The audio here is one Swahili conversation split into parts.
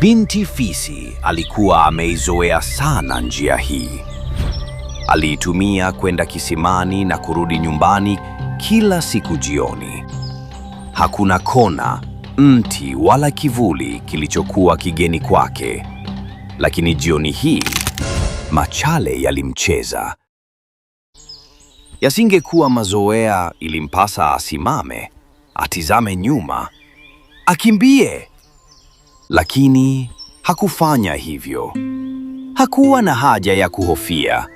Binti Fisi alikuwa ameizoea sana njia hii. Aliitumia kwenda kisimani na kurudi nyumbani kila siku jioni. Hakuna kona, mti wala kivuli kilichokuwa kigeni kwake. Lakini jioni hii machale yalimcheza. Yasingekuwa mazoea, ilimpasa asimame, atizame nyuma, akimbie lakini hakufanya hivyo. Hakuwa na haja ya kuhofia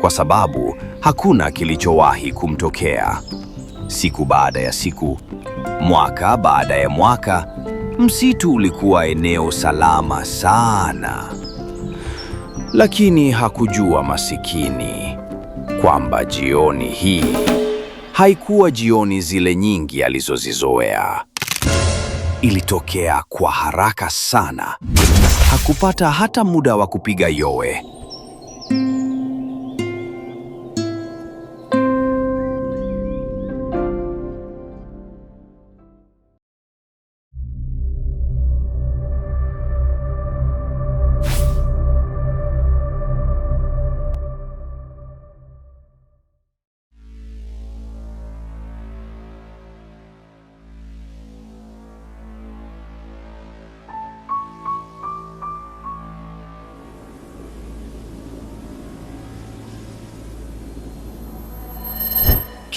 kwa sababu hakuna kilichowahi kumtokea. Siku baada ya siku, mwaka baada ya mwaka, msitu ulikuwa eneo salama sana. Lakini hakujua masikini kwamba jioni hii haikuwa jioni zile nyingi alizozizoea ilitokea kwa haraka sana. Hakupata hata muda wa kupiga yowe.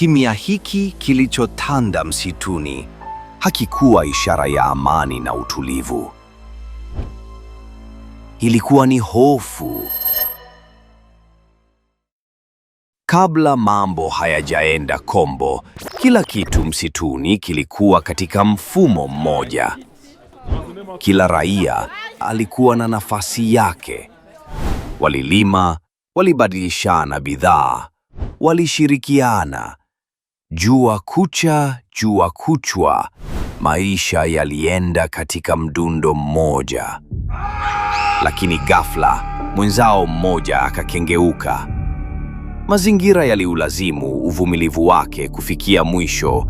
Kimya hiki kilichotanda msituni hakikuwa ishara ya amani na utulivu. Ilikuwa ni hofu. Kabla mambo hayajaenda kombo, kila kitu msituni kilikuwa katika mfumo mmoja. Kila raia alikuwa na nafasi yake. Walilima, walibadilishana bidhaa, walishirikiana Jua kucha, jua kuchwa, maisha yalienda katika mdundo mmoja. Lakini ghafla mwenzao mmoja akakengeuka. Mazingira yaliulazimu uvumilivu wake kufikia mwisho.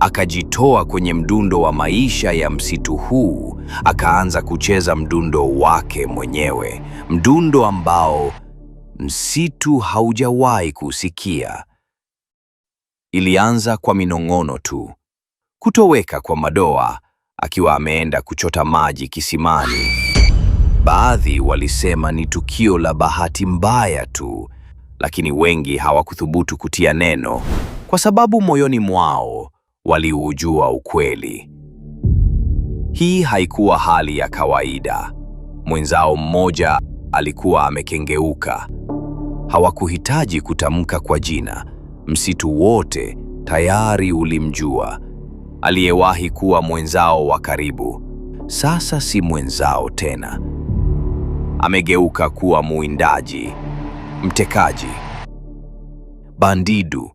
Akajitoa kwenye mdundo wa maisha ya msitu huu, akaanza kucheza mdundo wake mwenyewe, mdundo ambao msitu haujawahi kusikia ilianza kwa minong'ono tu, kutoweka kwa Madoa akiwa ameenda kuchota maji kisimani. Baadhi walisema ni tukio la bahati mbaya tu, lakini wengi hawakuthubutu kutia neno kwa sababu moyoni mwao waliujua ukweli. Hii haikuwa hali ya kawaida. Mwenzao mmoja alikuwa amekengeuka. Hawakuhitaji kutamka kwa jina, Msitu wote tayari ulimjua, aliyewahi kuwa mwenzao wa karibu, sasa si mwenzao tena. Amegeuka kuwa mwindaji, mtekaji, bandidu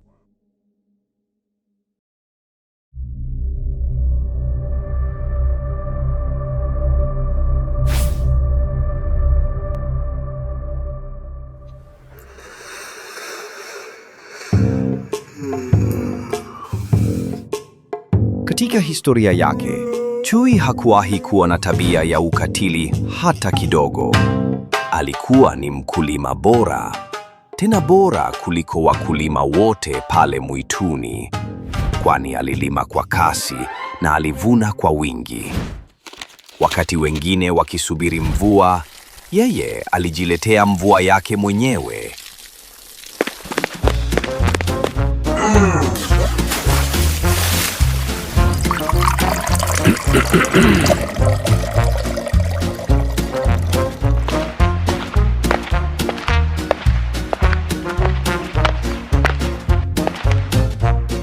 Katika historia yake, chui hakuwahi kuwa na tabia ya ukatili hata kidogo. Alikuwa ni mkulima bora, tena bora kuliko wakulima wote pale mwituni, kwani alilima kwa kasi na alivuna kwa wingi. Wakati wengine wakisubiri mvua, yeye alijiletea mvua yake mwenyewe.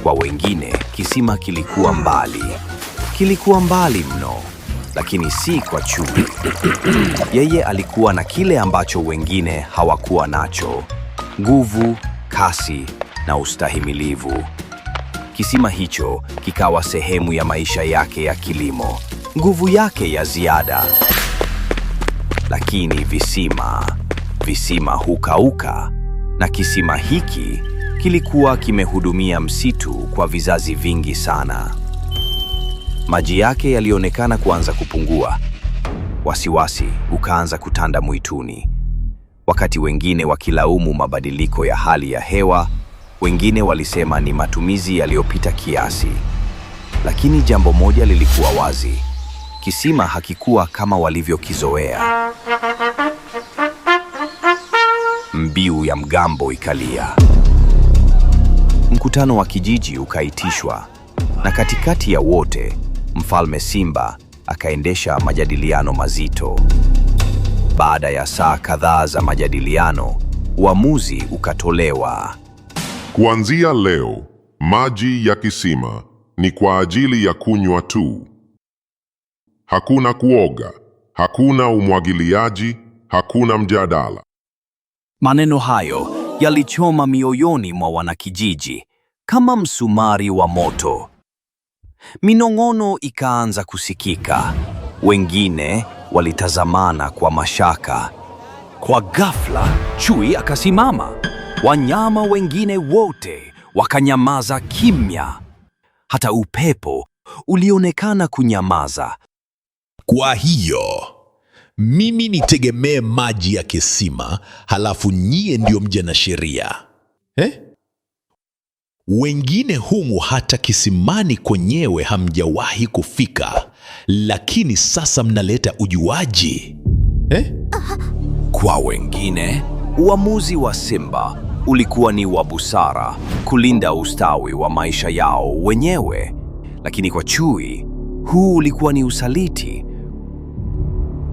Kwa wengine kisima kilikuwa mbali, kilikuwa mbali mno, lakini si kwa chui. Yeye alikuwa na kile ambacho wengine hawakuwa nacho: nguvu, kasi na ustahimilivu. Kisima hicho kikawa sehemu ya maisha yake ya kilimo, nguvu yake ya ziada. Lakini visima, visima hukauka na kisima hiki kilikuwa kimehudumia msitu kwa vizazi vingi sana. Maji yake yalionekana kuanza kupungua. Wasiwasi ukaanza kutanda mwituni, wakati wengine wakilaumu mabadiliko ya hali ya hewa wengine walisema ni matumizi yaliyopita kiasi. Lakini jambo moja lilikuwa wazi, kisima hakikuwa kama walivyokizoea. Mbiu ya mgambo ikalia. Mkutano wa kijiji ukaitishwa, na katikati ya wote, Mfalme Simba akaendesha majadiliano mazito. Baada ya saa kadhaa za majadiliano, uamuzi ukatolewa. Kuanzia leo, maji ya kisima ni kwa ajili ya kunywa tu. Hakuna kuoga, hakuna umwagiliaji, hakuna mjadala. Maneno hayo yalichoma mioyoni mwa wanakijiji kama msumari wa moto. Minong'ono ikaanza kusikika. Wengine walitazamana kwa mashaka. Kwa ghafla, chui akasimama. Wanyama wengine wote wakanyamaza kimya, hata upepo ulionekana kunyamaza. Kwa hiyo mimi nitegemee maji ya kisima, halafu nyie ndio mje na sheria eh? Wengine humu hata kisimani kwenyewe hamjawahi kufika, lakini sasa mnaleta ujuaji eh? Kwa wengine uamuzi wa Simba ulikuwa ni wa busara kulinda ustawi wa maisha yao wenyewe, lakini kwa chui huu ulikuwa ni usaliti.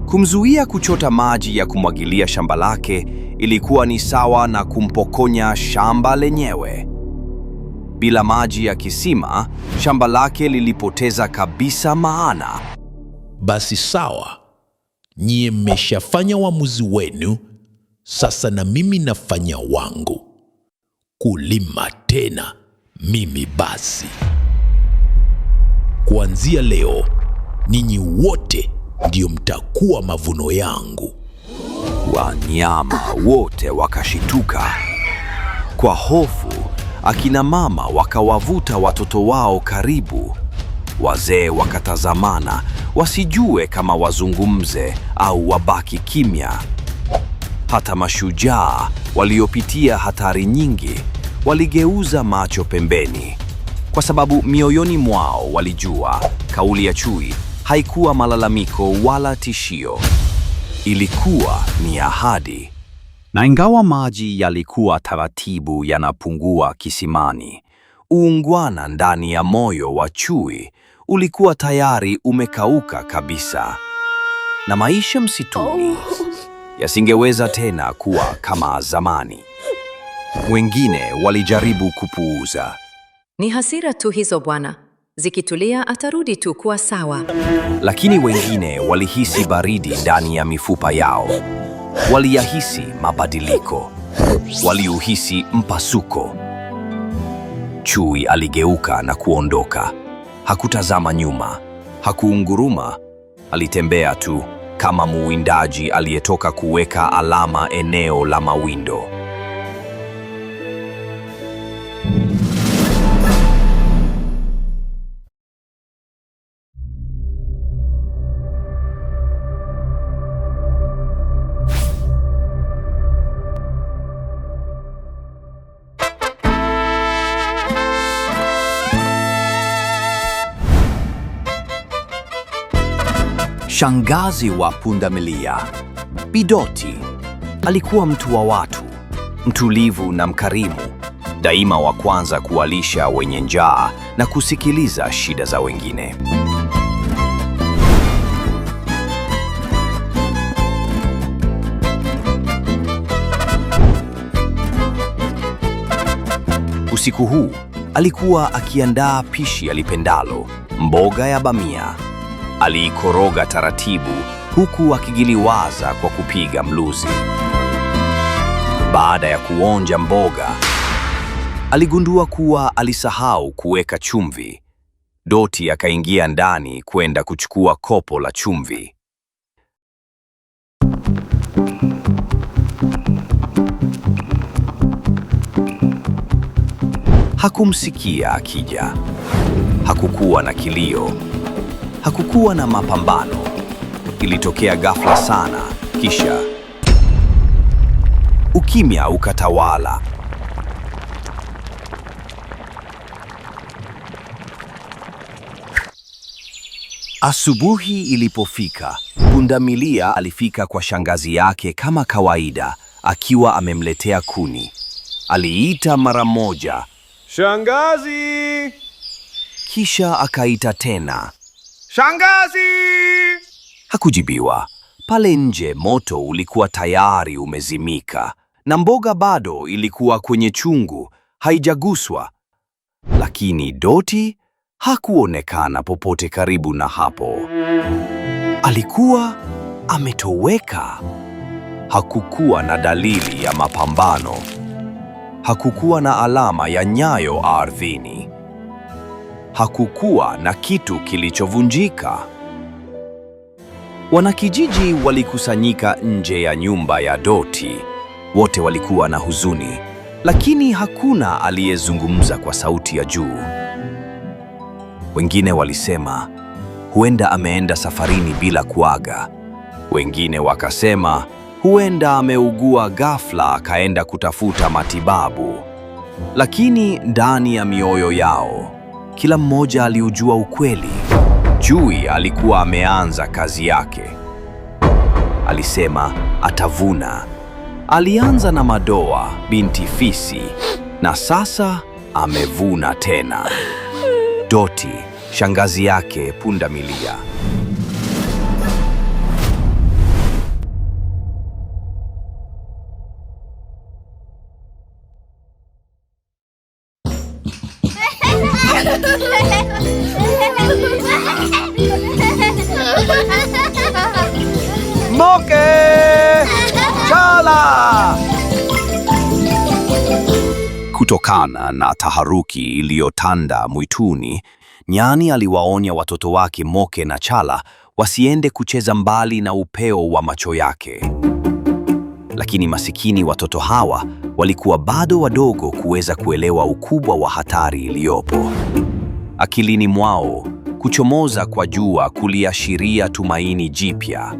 Kumzuia kuchota maji ya kumwagilia shamba lake ilikuwa ni sawa na kumpokonya shamba lenyewe. Bila maji ya kisima, shamba lake lilipoteza kabisa maana. Basi sawa, nyie mmeshafanya uamuzi wenu sasa na mimi nafanya wangu kulima tena mimi basi. Kuanzia leo ninyi wote ndio mtakuwa mavuno yangu. Wanyama wote wakashituka kwa hofu. Akina mama wakawavuta watoto wao karibu, wazee wakatazamana wasijue kama wazungumze au wabaki kimya hata mashujaa waliopitia hatari nyingi waligeuza macho pembeni, kwa sababu mioyoni mwao walijua kauli ya chui haikuwa malalamiko wala tishio, ilikuwa ni ahadi. Na ingawa maji yalikuwa taratibu yanapungua kisimani, uungwana ndani ya moyo wa chui ulikuwa tayari umekauka kabisa, na maisha msituni yasingeweza tena kuwa kama zamani. Wengine walijaribu kupuuza. Ni hasira tu hizo bwana, zikitulia atarudi tu kuwa sawa. Lakini wengine walihisi baridi ndani ya mifupa yao, waliyahisi mabadiliko, waliuhisi mpasuko. Chui aligeuka na kuondoka. Hakutazama nyuma, hakuunguruma, alitembea tu kama muwindaji aliyetoka kuweka alama eneo la mawindo. Shangazi wa pundamilia Bidoti alikuwa mtu wa watu, mtulivu na mkarimu, daima wa kwanza kuwalisha wenye njaa na kusikiliza shida za wengine. Usiku huu alikuwa akiandaa pishi alipendalo, mboga ya bamia aliikoroga taratibu huku akigiliwaza kwa kupiga mluzi. Baada ya kuonja mboga, aligundua kuwa alisahau kuweka chumvi. Doti akaingia ndani kwenda kuchukua kopo la chumvi. Hakumsikia akija. Hakukuwa na kilio hakukuwa na mapambano, ilitokea ghafla sana, kisha ukimya ukatawala. Asubuhi ilipofika, pundamilia alifika kwa shangazi yake kama kawaida, akiwa amemletea kuni. Aliita mara moja, shangazi, kisha akaita tena, Shangazi! Hakujibiwa. Pale nje moto ulikuwa tayari umezimika na mboga bado ilikuwa kwenye chungu, haijaguswa. Lakini Doti hakuonekana popote karibu na hapo. Alikuwa ametoweka. Hakukuwa na dalili ya mapambano. Hakukuwa na alama ya nyayo ardhini hakukuwa na kitu kilichovunjika. Wanakijiji walikusanyika nje ya nyumba ya Doti. Wote walikuwa na huzuni, lakini hakuna aliyezungumza kwa sauti ya juu. Wengine walisema huenda ameenda safarini bila kuaga. Wengine wakasema huenda ameugua ghafla akaenda kutafuta matibabu. Lakini ndani ya mioyo yao kila mmoja aliujua ukweli. Chui alikuwa ameanza kazi yake. Alisema atavuna. Alianza na madoa, binti fisi, na sasa amevuna tena. Doti, shangazi yake punda milia. sana na taharuki iliyotanda mwituni, nyani aliwaonya watoto wake Moke na Chala wasiende kucheza mbali na upeo wa macho yake. Lakini masikini watoto hawa walikuwa bado wadogo kuweza kuelewa ukubwa wa hatari iliyopo. Akilini mwao, kuchomoza kwa jua kuliashiria tumaini jipya,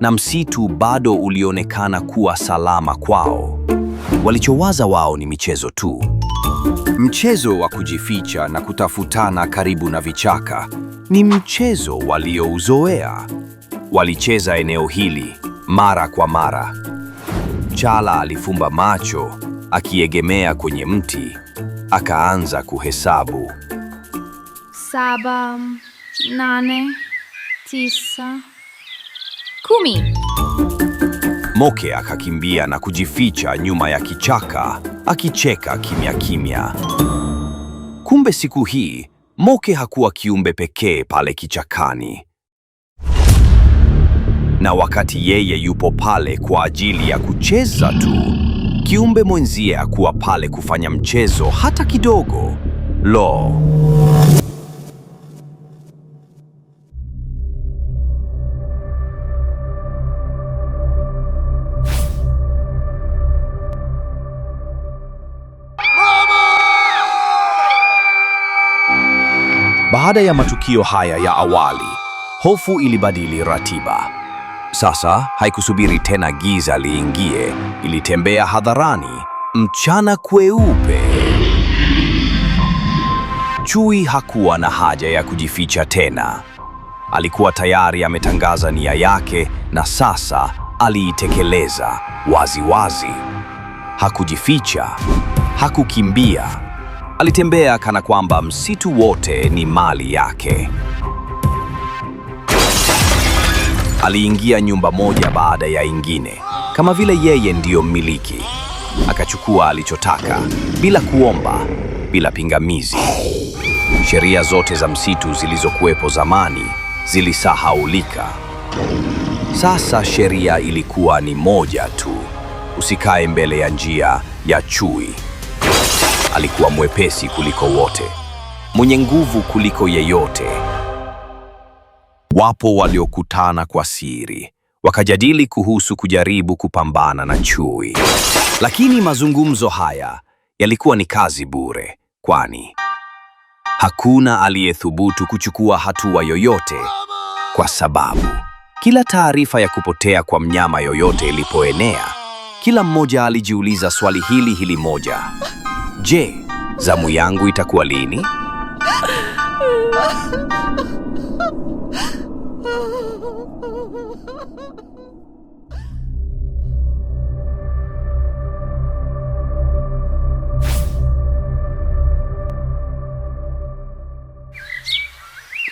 na msitu bado ulionekana kuwa salama kwao. Walichowaza wao ni michezo tu, mchezo wa kujificha na kutafutana karibu na vichaka. Ni mchezo waliouzoea. Walicheza eneo hili mara kwa mara. Chala alifumba macho akiegemea kwenye mti, akaanza kuhesabu saba, nane, tisa, kumi. Moke akakimbia na kujificha nyuma ya kichaka akicheka kimya kimya. Kumbe siku hii Moke hakuwa kiumbe pekee pale kichakani. Na wakati yeye yupo pale kwa ajili ya kucheza tu, kiumbe mwenzie hakuwa pale kufanya mchezo hata kidogo. Lo! Baada ya matukio haya ya awali, hofu ilibadili ratiba. Sasa haikusubiri tena giza liingie, ilitembea hadharani, mchana kweupe. Chui hakuwa na haja ya kujificha tena. Alikuwa tayari ametangaza nia yake na sasa aliitekeleza waziwazi. Hakujificha, hakukimbia. Alitembea kana kwamba msitu wote ni mali yake. Aliingia nyumba moja baada ya ingine, kama vile yeye ndiyo mmiliki. Akachukua alichotaka bila kuomba, bila pingamizi. Sheria zote za msitu zilizokuwepo zamani zilisahaulika. Sasa sheria ilikuwa ni moja tu: usikae mbele ya njia ya chui alikuwa mwepesi kuliko wote, mwenye nguvu kuliko yeyote. Wapo waliokutana kwa siri, wakajadili kuhusu kujaribu kupambana na chui. Lakini mazungumzo haya yalikuwa ni kazi bure, kwani hakuna aliyethubutu kuchukua hatua yoyote, kwa sababu kila taarifa ya kupotea kwa mnyama yoyote ilipoenea, kila mmoja alijiuliza swali hili hili moja. Je, zamu yangu itakuwa lini?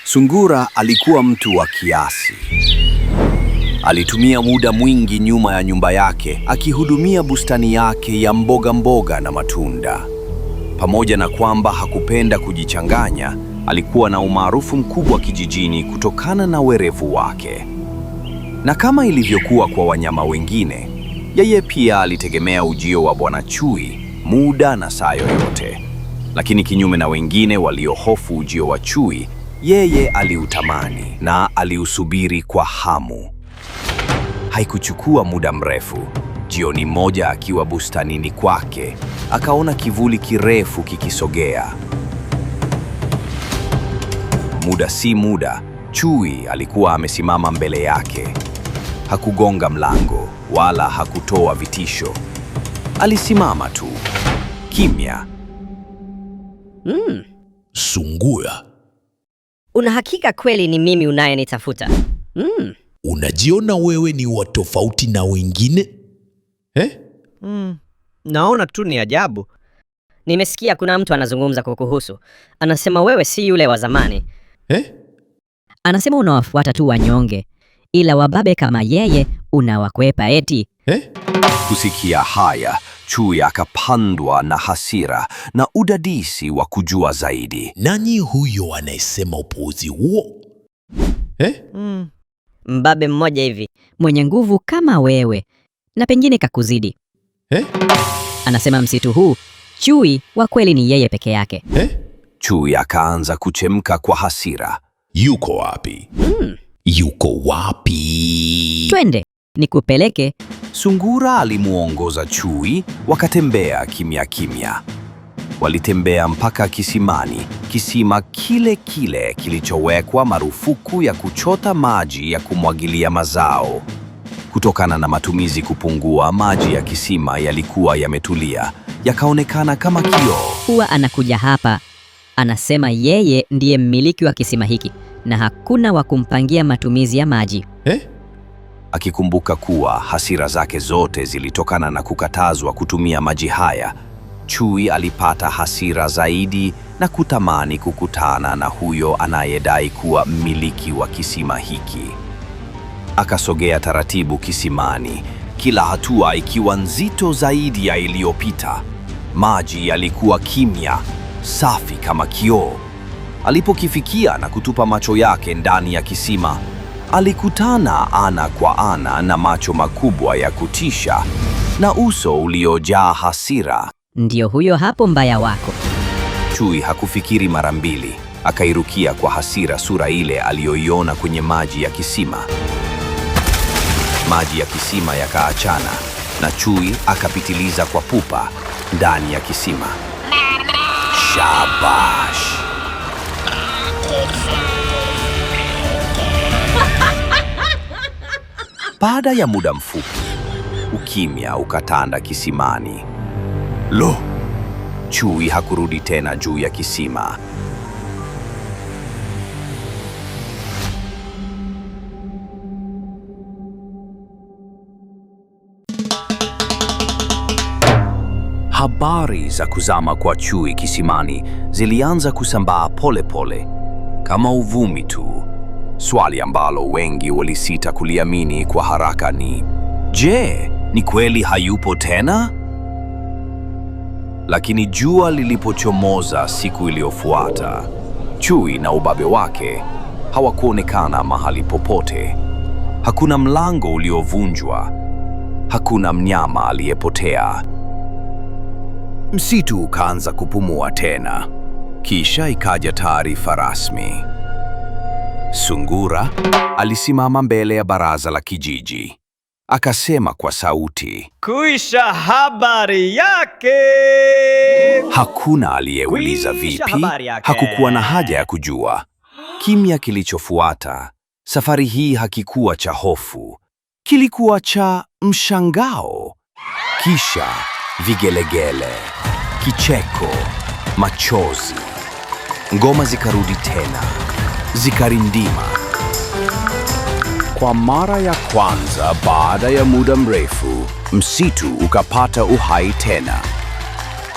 Sungura alikuwa mtu wa kiasi. Alitumia muda mwingi nyuma ya nyumba yake akihudumia bustani yake ya mboga mboga na matunda. Pamoja na kwamba hakupenda kujichanganya, alikuwa na umaarufu mkubwa kijijini kutokana na werevu wake. Na kama ilivyokuwa kwa wanyama wengine, yeye pia alitegemea ujio wa Bwana Chui muda na saa yoyote. Lakini kinyume na wengine waliohofu ujio wa chui, yeye aliutamani na aliusubiri kwa hamu. Haikuchukua muda mrefu, jioni moja akiwa bustanini kwake, akaona kivuli kirefu kikisogea. Muda si muda, chui alikuwa amesimama mbele yake. Hakugonga mlango wala hakutoa vitisho. Alisimama tu kimya. Mm. Sunguya, una hakika kweli ni mimi unayenitafuta? Mm. Unajiona wewe ni wa tofauti na wengine eh? Mm, naona tu ni ajabu. Nimesikia kuna mtu anazungumza kukuhusu, anasema wewe si yule wa zamani eh? Anasema unawafuata tu wanyonge, ila wababe kama yeye unawakwepa eti eh? Kusikia haya chuu akapandwa na hasira na udadisi wa kujua zaidi. Nani huyo anayesema upuuzi huo eh? mm mbabe mmoja hivi mwenye nguvu kama wewe na pengine kakuzidi eh? Anasema msitu huu chui wa kweli ni yeye peke yake eh? Chui akaanza kuchemka kwa hasira. Yuko wapi? Hmm. Yuko wapi? Twende nikupeleke. Sungura alimuongoza chui, wakatembea kimya kimya. Walitembea mpaka kisimani, kisima kile kile kilichowekwa marufuku ya kuchota maji ya kumwagilia mazao. Kutokana na matumizi kupungua, maji ya kisima yalikuwa yametulia, yakaonekana kama kioo. Huwa anakuja hapa, anasema yeye ndiye mmiliki wa kisima hiki na hakuna wa kumpangia matumizi ya maji eh? Akikumbuka kuwa hasira zake zote zilitokana na kukatazwa kutumia maji haya. Chui alipata hasira zaidi na kutamani kukutana na huyo anayedai kuwa mmiliki wa kisima hiki. Akasogea taratibu kisimani, kila hatua ikiwa nzito zaidi ya iliyopita. Maji yalikuwa kimya, safi kama kioo. Alipokifikia na kutupa macho yake ndani ya kisima, alikutana ana kwa ana na macho makubwa ya kutisha na uso uliojaa hasira. Ndiyo huyo hapo mbaya wako. Chui hakufikiri mara mbili, akairukia kwa hasira sura ile aliyoiona kwenye maji ya kisima. Maji ya kisima yakaachana na chui akapitiliza kwa pupa ndani ya kisima. Shabash! Baada ya muda mfupi, ukimya ukatanda kisimani. Lo! Chui hakurudi tena juu ya kisima. Habari za kuzama kwa chui kisimani zilianza kusambaa polepole kama uvumi tu. Swali ambalo wengi walisita kuliamini kwa haraka ni je, ni kweli hayupo tena? Lakini jua lilipochomoza siku iliyofuata, chui na ubabe wake hawakuonekana mahali popote. Hakuna mlango uliovunjwa, hakuna mnyama aliyepotea. Msitu ukaanza kupumua tena. Kisha ikaja taarifa rasmi. Sungura alisimama mbele ya baraza la kijiji akasema kwa sauti, kuisha habari yake. Hakuna aliyeuliza vipi, hakukuwa na haja ya kujua. Kimya kilichofuata safari hii hakikuwa cha hofu, kilikuwa cha mshangao. Kisha vigelegele, kicheko, machozi. Ngoma zikarudi tena, zikarindima. Kwa mara ya kwanza baada ya muda mrefu, msitu ukapata uhai tena.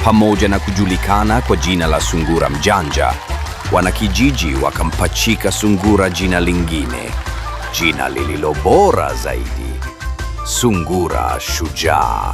Pamoja na kujulikana kwa jina la Sungura Mjanja, wanakijiji wakampachika Sungura jina lingine, jina lililo bora zaidi, Sungura Shujaa.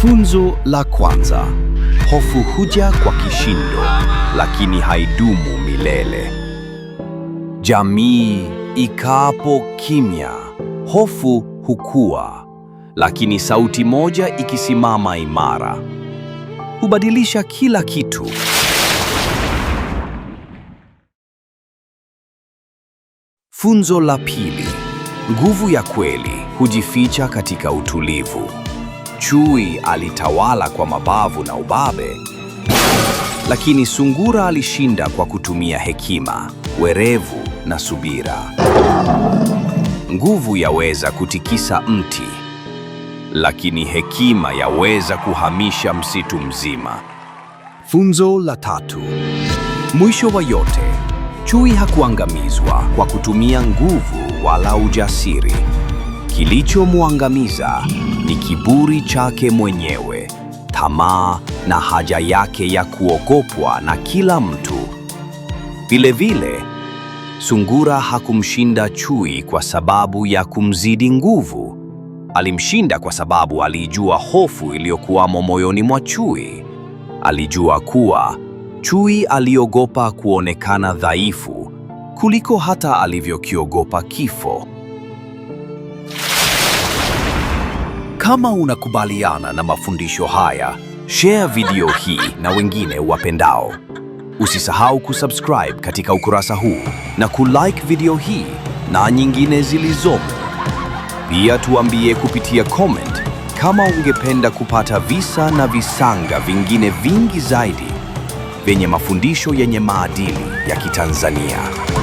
Funzo la kwanza: hofu huja kwa kishindo, lakini haidumu milele. Jamii ikaapo kimya, hofu hukua, lakini sauti moja ikisimama imara hubadilisha kila kitu. Funzo la pili: nguvu ya kweli hujificha katika utulivu. Chui alitawala kwa mabavu na ubabe, lakini sungura alishinda kwa kutumia hekima, werevu na subira. Nguvu yaweza kutikisa mti, lakini hekima yaweza kuhamisha msitu mzima. Funzo la tatu. Mwisho wa yote, chui hakuangamizwa kwa kutumia nguvu wala ujasiri. Kilichomwangamiza ni kiburi chake mwenyewe, tamaa na haja yake ya kuogopwa na kila mtu. Vilevile, sungura hakumshinda chui kwa sababu ya kumzidi nguvu. Alimshinda kwa sababu alijua hofu iliyokuwamo moyoni mwa chui. Alijua kuwa chui aliogopa kuonekana dhaifu kuliko hata alivyokiogopa kifo. Kama unakubaliana na mafundisho haya, share video hii na wengine wapendao. Usisahau kusubscribe katika ukurasa huu na kulike video hii na nyingine zilizomo. Pia tuambie kupitia comment kama ungependa kupata visa na visanga vingine vingi zaidi vyenye mafundisho yenye maadili ya Kitanzania.